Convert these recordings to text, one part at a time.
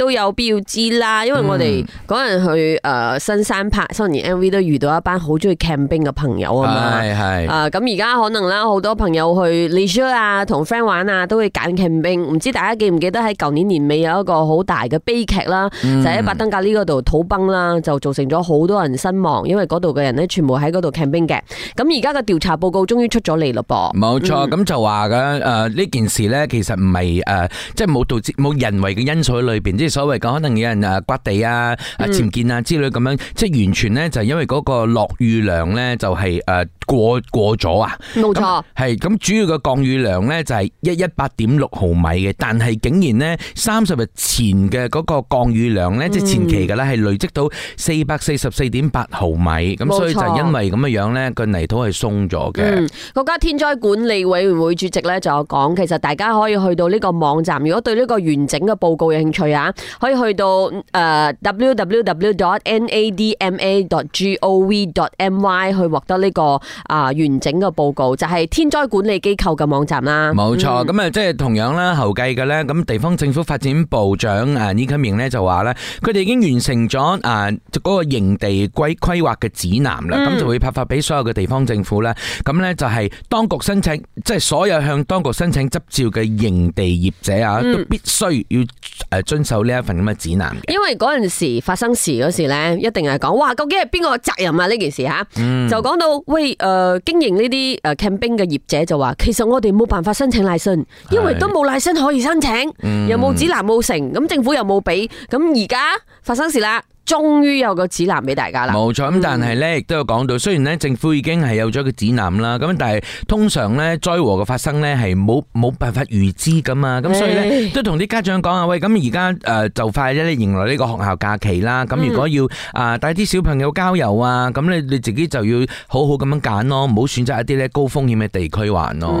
都有必要知啦，因為我哋嗰陣去誒新山拍、嗯、新年 MV 都遇到一班好中意 camping 嘅朋友啊嘛，係係啊，咁而家可能啦好多朋友去 leisure 啊同 friend 玩啊都會揀 camping，唔知大家記唔記得喺舊年年尾有一個好大嘅悲劇啦，嗯、就喺巴登格呢嗰度土崩啦，就造成咗好多人身亡，因為嗰度嘅人咧全部喺嗰度 camping 嘅。咁而家嘅調查報告終於出咗嚟嘞噃，冇錯、嗯，咁就話嘅誒呢件事咧其實唔係誒即係冇導致冇人為嘅因素喺裏邊，所謂嘅可能有人啊，刮地啊、啊潛建啊之類咁樣，即係完全咧就係因為嗰個落雨量咧就係誒過過咗啊，冇錯，係咁主要嘅降雨量咧就係一百一十八點六毫米嘅，但係竟然咧三十日前嘅嗰個降雨量咧即係前期嘅咧係累積到四百四十四點八毫米，咁所以就因為咁嘅樣咧個泥土係鬆咗嘅。國家天災管理委員會主席咧就有講，其實大家可以去到呢個網站，如果對呢個完整嘅報告有興趣啊。可以去到誒 www.nadma.gov.my 去獲得呢個啊完整嘅報告，就係天災管理機構嘅網站啦。冇錯，咁啊即係同樣啦，後繼嘅咧，咁地方政府發展部長啊，尼克明咧就話咧，佢哋已經完成咗誒嗰個營地規規劃嘅指南啦，咁就會派發俾所有嘅地方政府咧，咁咧就係當局申請，即係所有向當局申請執照嘅營地業者啊，都必須要誒遵守。一份咁嘅指南嘅，因為嗰陣時發生事嗰時咧，一定係講，哇，究竟係邊個責任啊？呢件事吓，就講到喂，誒，經營呢啲誒 camping 嘅業者就話，其實我哋冇辦法申請賴信，因為都冇賴信可以申請，又冇指南冇成，咁政府又冇俾，咁而家發生事啦。終於有個指南俾大家啦，冇錯。咁但係咧，亦都有講到，雖然咧政府已經係有咗個指南啦，咁但係通常咧災禍嘅發生咧係冇冇辦法預知㗎嘛，咁所以咧都同啲家長講啊，喂，咁而家誒就快咧，你迎來呢個學校假期啦。咁如果要啊帶啲小朋友郊遊啊，咁你你自己就要好好咁樣揀咯，唔好選擇一啲咧高風險嘅地區玩咯。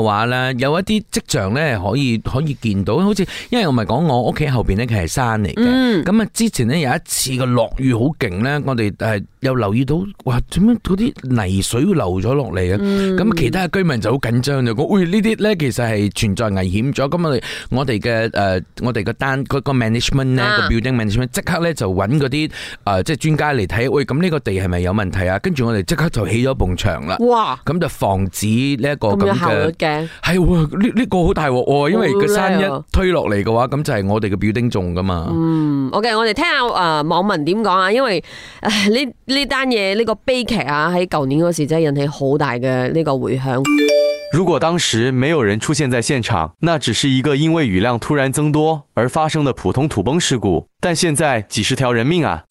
話咧有一啲跡象咧可以，可以見到，好似因為我咪講，我屋企後邊咧佢係山嚟嘅，咁啊、嗯、之前咧有一次個落雨好勁咧，我哋係又留意到哇，點樣嗰啲泥水流咗落嚟啊！咁、嗯、其他嘅居民就好緊張就講，喂，呢啲咧其實係存在危險咗。咁我哋、呃、我哋嘅誒我哋嘅單、嗰個 management 咧個、building management，即刻咧就揾嗰啲誒即係專家嚟睇，喂，咁呢個地係咪有問題啊？跟住我哋即刻就起咗埲牆啦。哇！咁就防止呢一個咁嘅。係喎，呢呢個好大鑊，因為個山一推落嚟嘅話，咁就係我哋嘅表丁種噶嘛。嗯，好嘅，我哋聽下誒網民點講啊，因為呢呢單嘢呢個悲劇啊，喺舊年嗰時真係引起好大嘅呢個回響。如果當時沒有人出現在現場，那只是一個因為雨量突然增多而發生的普通土崩事故。但現在幾十條人命啊！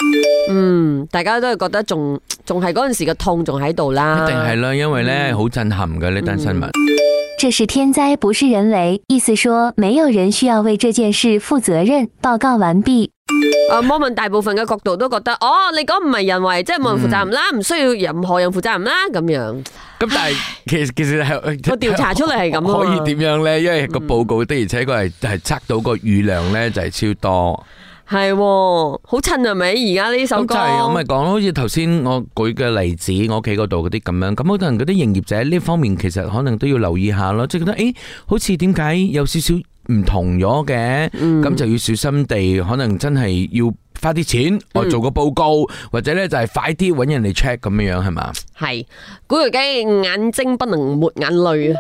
嗯，大家都係覺得仲仲係嗰陣時嘅痛仲喺度啦，一定係啦，因為咧好、嗯、震撼嘅呢單新聞。嗯件這是天災，不是人為。意思說，沒有人需要為這件事負責任。報告完畢。 啊，我們大部分嘅角度都覺得，哦，你講唔係人為，即係冇人負責任啦，唔、嗯、需要任何人負責任啦，咁樣。咁、嗯、但係其實唉其實係我調查出嚟係咁，可以點樣咧？因為個報告的而且確係係測到個雨量咧就係超多。係，好襯啊！咪而家呢首歌，就係我咪講，好似頭先我舉嘅例子，我屋企嗰度嗰啲咁樣，咁好多人嗰啲營業者呢方面，其實可能都要留意下咯，即係覺得誒、欸，好似點解有少少唔同咗嘅，咁、嗯、就要小心地，可能真係要花啲錢，我做個報告，嗯、或者咧就係快啲搵人嚟 check 咁樣樣係嘛？係，古巨基眼睛不能抹眼淚啊！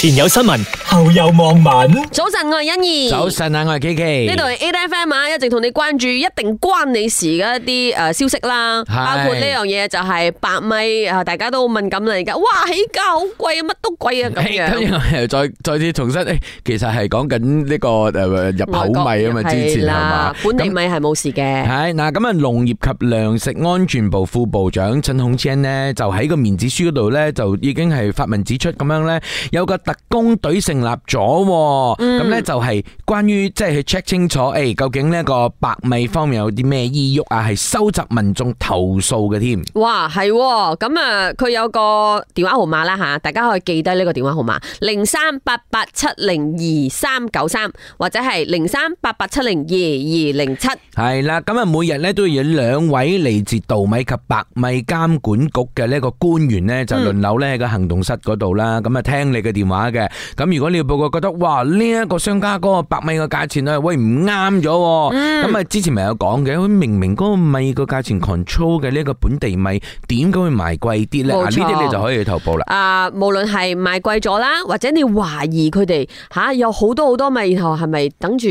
前有新聞，後有網民。早晨，我係欣怡。早晨啊，我係琪琪。呢度係 AFM 啊，一直同你關注一定關你事嘅一啲誒消息啦，包括呢樣嘢就係白米啊，大家都好敏感啦而家。哇，起價好貴啊，乜都貴啊咁樣。咁又再再啲重申，誒，其實係講緊呢個誒入口米啊嘛，之前係嘛，本地米係冇事嘅。係嗱，咁啊，農業及糧食安全部副部長陳孔謙咧，就喺個面子書嗰度咧，就已經係發文指出咁樣咧，有個。特工隊成立咗，咁咧就係關於即係去 check 清楚，誒，究竟呢個白米方面有啲咩意郁啊？係收集民眾投訴嘅添。哇，係咁啊，佢有個電話號碼啦吓，大家可以記低呢個電話號碼：零三八八七零二三九三，或者係零三八八七零二二零七。係啦，咁啊，每日咧都要兩位嚟自稻米及白米監管局嘅呢個官員咧，就輪流咧喺個行動室嗰度啦，咁啊聽你嘅電話。嘅咁，如果你要報告，覺得哇呢一、這個商家嗰個白米嘅價錢咧，喂唔啱咗，咁啊、嗯、之前咪有講嘅，佢明明嗰個米個價錢 control 嘅呢一個本地米，點解會賣貴啲咧？冇錯，啊，呢啲你就可以去投報啦。啊、呃，無論係賣貴咗啦，或者你懷疑佢哋吓有好多好多米是是，然後係咪等住？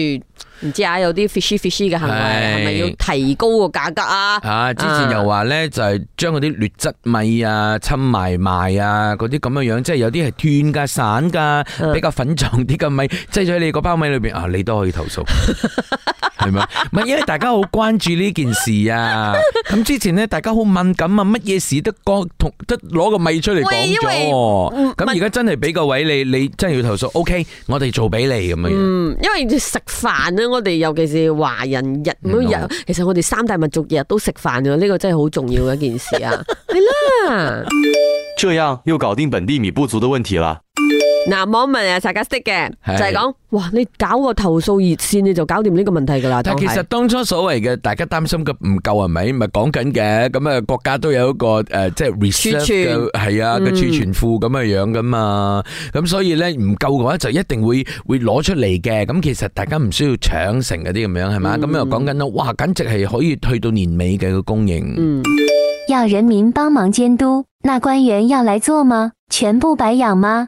唔知啊，有啲 fishy fishy 嘅行為，係咪是要提高個價格啊？吓，之前又話咧、嗯、就係將嗰啲劣質米啊、摻埋賣啊嗰啲咁嘅樣，樣，即係有啲係斷噶、散噶，嗯、比較粉狀啲嘅米，擠咗喺你個包米裏邊啊，你都可以投訴。 係嘛？係 因為大家好關注呢件事啊。咁之前咧，大家好敏感啊，乜嘢事都講同，都攞個咪出嚟講咗。咁而家真係俾個位你，你真係要投訴，OK，我哋做俾你咁樣。嗯，因為食飯咧，我哋尤其是華人日日，嗯、好其實我哋三大民族日日都食飯嘅，呢個真係好重要嘅一件事啊。係 啦。這樣又搞定本地米不足的問題啦。嗱，網民啊，大家識嘅就係講，哇，你搞個投訴熱線，你就搞掂呢個問題噶啦。但其實當初所謂嘅大家擔心嘅唔夠係咪？咪係講緊嘅，咁啊國家都有一個誒、呃，即係 reserve 嘅係啊個儲存庫咁嘅樣噶嘛。咁所以咧唔夠嘅話就一定會會攞出嚟嘅。咁其實大家唔需要搶成嗰啲咁樣係嘛。咁、嗯嗯、又講緊咯，哇，簡直係可以去到年尾嘅個供應。嗯、要人民幫忙監督，那官員要來做嗎？全部白養嗎？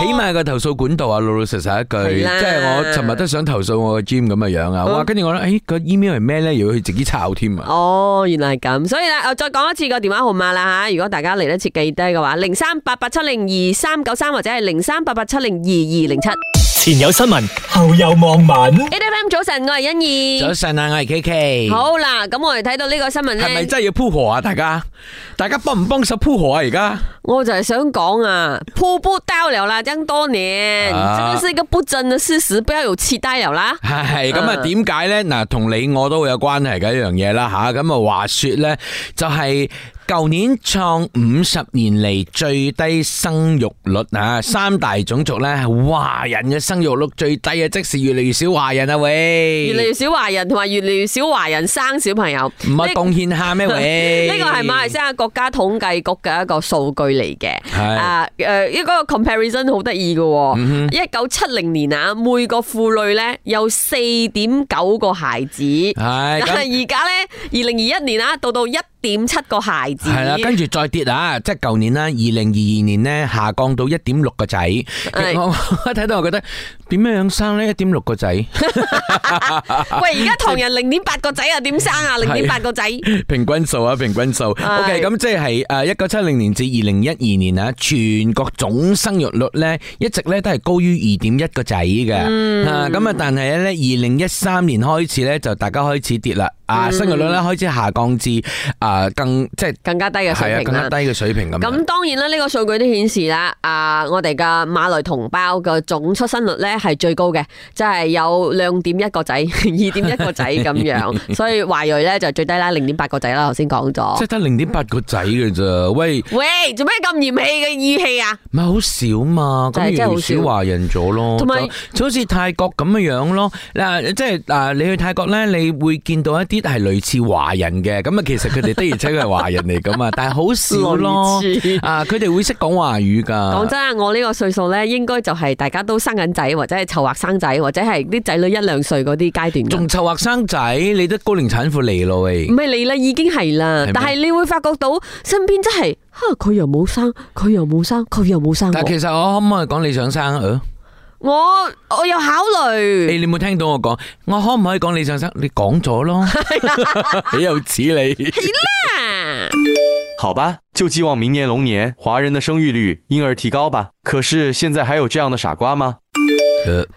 起碼個投訴管道啊，老老實實一句，的即係我尋日都想投訴我，嗯我哎個 gym 咁嘅樣啊，哇！跟住我咧，誒，個 email 係咩咧？要去自己抄添啊！哦，原來係咁，所以咧，我再講一次個電話號碼啦吓，如果大家嚟得切記低嘅話，零三八八七零二三九三或者係零三八八七零二二零七。前有新聞，後有網民。A. F. M. 早晨，我係欣怡。早晨啊，我係 K K。好嗱，咁我哋睇到呢個新聞咧，係咪真係要撲火啊？大家，大家幫唔幫手撲火啊？而家？我就係想講啊，瀑布漂流啦，咁多年，真係一個不爭嘅事實，不要有期待啦。係咁啊？點解咧？嗱，同你我都會有關係嘅一樣嘢啦，吓咁啊。話說咧，就係舊年創五十年嚟最低生育率啊！三大種族咧，華人嘅生育率最低啊，即是越嚟越少華人啊喂！越嚟越少華人同埋越嚟越少華人生小朋友，唔係貢獻下咩喂？呢個係唔係先啊？國家統計局嘅一個數據。嚟嘅，啊，誒、呃，呢、那個 comparison 好得意嘅，一九七零年啊，每個婦女咧有四點九個孩子，但係而家咧，二零二一年啊，到到一。點七個孩子係啦，跟住再跌啊！即係舊年啦，二零二二年呢，下降到一點六個仔是。我睇到我覺得點樣樣生呢？一點六個仔。 喂，而家唐人零點八個仔啊，點生啊？零點八個仔。平均數啊，平均數。OK，咁即係誒，一九七零年至二零一二年啊，全國總生育率呢，一直呢都係高於二點一個仔嘅。咁、嗯、啊，但係咧，二零一三年開始呢，就大家開始跌啦。啊，生育率呢開始下降至啊。誒，更即係更加低嘅水平，更加低嘅水平咁。咁當然啦，呢個數據都顯示啦，啊，我哋嘅馬來同胞嘅總出生率咧係最高嘅，即係有兩點一個仔，二點一個仔咁樣。所以華裔咧就最低啦，零點八個仔啦，頭先講咗，即係得零點八個仔嘅咋？喂喂，做咩咁嫌棄嘅語氣啊？唔係好少嘛，咁越嚟越少華人咗咯，同埋就好似泰國咁樣樣咯。嗱，即係嗱，你去泰國咧，你會見到一啲係類似華人嘅，咁啊，其實佢哋。 而且佢係華人嚟噶嘛， 但係好少咯。 啊，佢哋會識講華語噶。講真啊，我呢個歲數咧，應該就係大家都生緊仔，或者係籌劃生仔，或者係啲仔女一兩歲嗰啲階段。仲籌劃生仔，你都高齡產婦嚟咯喂？唔係嚟啦，已經係啦。嗎但係你會發覺到身邊真係，吓、啊、佢又冇生，佢又冇生、啊，佢又冇生。但其實我可唔可以講你想生啊？呃我我有考慮，誒，你冇聽到我講，我可唔可以講你上身？你講咗咯，豈有此理！好吧，就寄望明年龍年華人的生育率，因而提高吧。可是現在還有這樣的傻瓜嗎？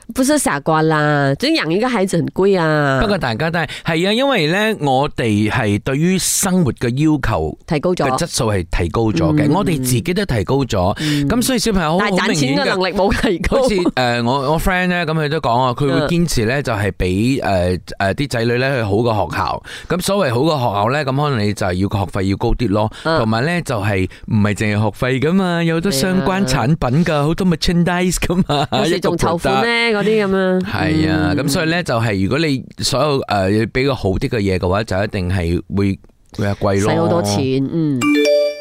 唔係傻瓜啦，真養一個孩子很貴啊。不過大家都係係啊，因為咧，我哋係對於生活嘅要求提高咗，質素係提高咗嘅。我哋自己都提高咗，咁所以小朋友好，但係賺錢嘅能力冇提高。好似誒，我我 friend 咧，咁佢都講啊，佢會堅持咧，就係俾誒誒啲仔女咧去好嘅學校。咁所謂好嘅學校咧，咁可能你就係要個學費要高啲咯，同埋咧就係唔係淨係學費噶嘛，有好多相關產品噶，好多 merchandise 噶嘛，好似仲抽。咩嗰啲咁樣，係啊，咁 所以咧就係如果你所有誒、呃、比較好啲嘅嘢嘅話，就一定係會會啊貴咯，使好多錢。嗯，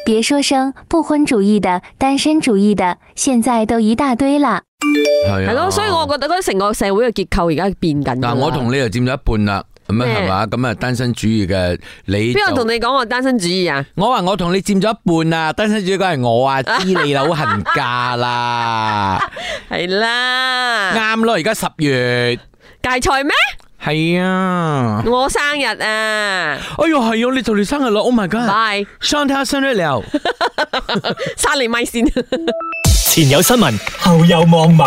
別說聲不婚主義的單身主義的，現在都一大堆啦。係咯，所以我覺得成個社會嘅結構而家變緊。嗱，我同你又佔咗一半啦。咁樣係嘛，咁啊單身主義嘅，你邊個同你講我單身主義啊？我話我同你佔咗一半啊，單身主義梗係我啊，知你老恨嫁啦，係啦，啱咯，而家十月芥菜咩？係啊，我生日啊，哎喲係啊，你做你生日咯，Oh my god，生日快樂，生你麥先。前有新聞，後有網民。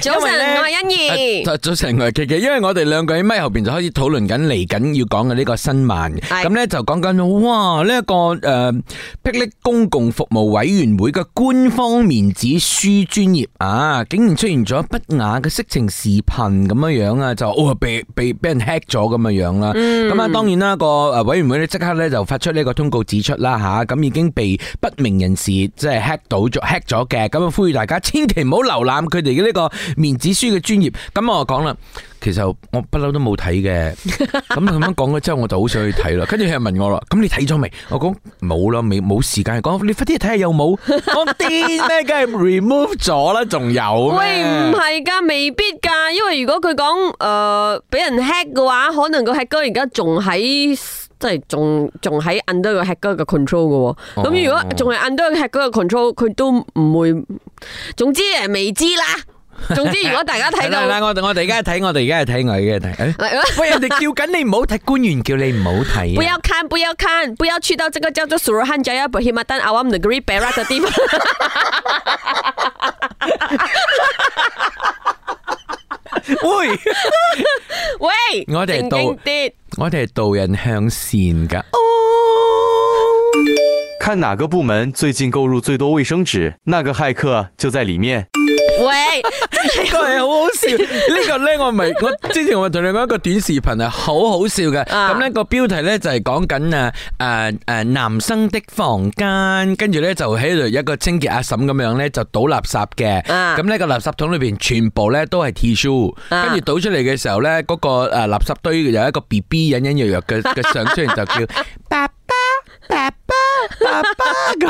早晨，我係欣怡。早晨，我係琪琪。因為我哋兩個喺咪後邊就開始討論緊嚟緊要講嘅呢個新聞。咁咧就講緊哇呢一個誒，霹靂公共服務委員會嘅官方面子書專頁啊，竟然出現咗不雅嘅色情視頻咁樣樣啊，就哦被被俾人 hack 咗咁樣樣啦。咁啊，當然啦，個誒委員會咧即刻咧就發出呢個通告指出啦吓，咁已經被不明人士即係 hack 到咗 hack 咗嘅咁啊。呼籲大家千祈唔好瀏覽佢哋嘅呢個面子書嘅專業。咁我講啦，其實我不嬲都冇睇嘅。咁咁樣講咗之後，我就好想去睇啦。跟住佢就問我啦，咁你睇咗未？我講冇啦，未冇時間講。你快啲睇下有冇？我癲咩？梗係 remove 咗啦，仲有？喂，唔係噶，未必噶。因為如果佢講誒俾人 hack 嘅話，可能個 hack 哥而家仲喺。即係仲仲喺 under 嘅 hacker 嘅 control 嘅，咁如果仲係 under 嘅 hacker 嘅 control，佢都唔會。總之誒，未知啦。總之，如果大家睇到，我我哋而家睇，我哋而家係睇外嘅。誒，喂我哋叫緊你唔好睇官員，叫你唔好睇。不要看，不要看，不要去到這個叫做 Suruhanjaya Perkhidmatan Awam Negeri Perak 的地方。喂喂，我哋到。我哋係導人向善噶。Oh! 看哪 個部門最近購入最多衛生紙，那個駭客就、呃呃、就在裏面。喂，呢個係，好好笑，呢個呢我唔係，我之前我同你講一個短視頻係好好笑嘅，咁呢個標題呢，就係講緊啊誒誒男生的房間，跟住呢，就喺度一個清潔阿嬸咁樣呢，就倒垃圾嘅，咁呢個垃圾桶裏邊全部呢，都係 tissue 跟住倒出嚟嘅時候呢，嗰個誒垃圾堆有一個 bb 隱隱約約嘅嘅相，出嚟就叫。爸爸爸爸，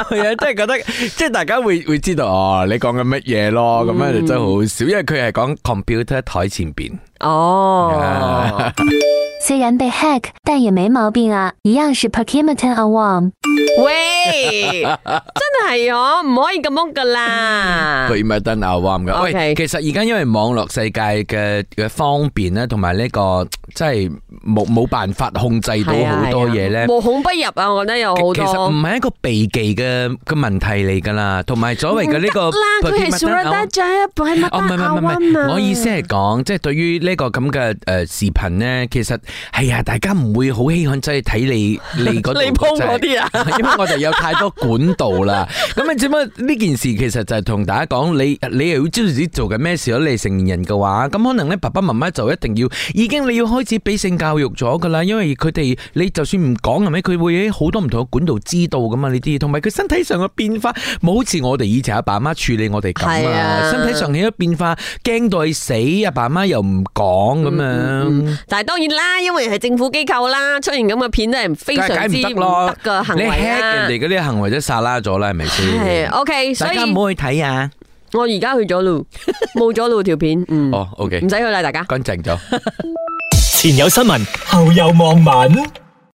個樣真係覺得， 即係大家會會知道哦，你講緊乜嘢咯？咁樣就真係好笑，因為佢係講 computer 喺台前邊哦。 雖然被 hack，但也沒毛病啊，一樣是 Perkhidmatan Awam。喂，真係係哦，唔可以咁蒙噶啦。Perkhidmatan Awam 噶。喂，其實而家因為網絡世界嘅嘅方便咧，同埋呢個即係冇冇辦法控制到好多嘢咧，無孔不入啊！我覺得有好多。其實唔係一個避忌嘅嘅問題嚟噶啦，同埋所謂嘅呢個 Perkhidmatan Awam。哦，唔係唔係唔係，我意思係講，即係對於呢個咁嘅誒視頻咧，其實。係啊，大家唔會好稀罕走去睇你你嗰啲，啊， 因為我哋有太多管道啦。咁啊，只不過呢件事其實就係同大家講，你你又要知道自己做緊咩事。你係成年人嘅話，咁可能咧爸爸媽媽就一定要，已經你要開始俾性教育咗噶啦。因為佢哋你就算唔講，係咪佢會好多唔同嘅管道知道噶嘛？呢啲，同埋佢身體上嘅變化冇好似我哋以前阿爸阿媽處理我哋咁啊。身體上起咗變化，驚到你死，阿爸阿媽又唔講咁樣。但係當然啦。因為係政府機構啦，出現咁嘅片真係非常之唔得嘅行為啦。你吃人哋嗰啲行為都撒拉咗啦，係咪先？係啊，OK。所以，大家唔好去睇啊！我而家去咗咯，冇咗咯條片。嗯，哦，OK。唔使去啦，大家乾淨咗。前有新聞，後有網民。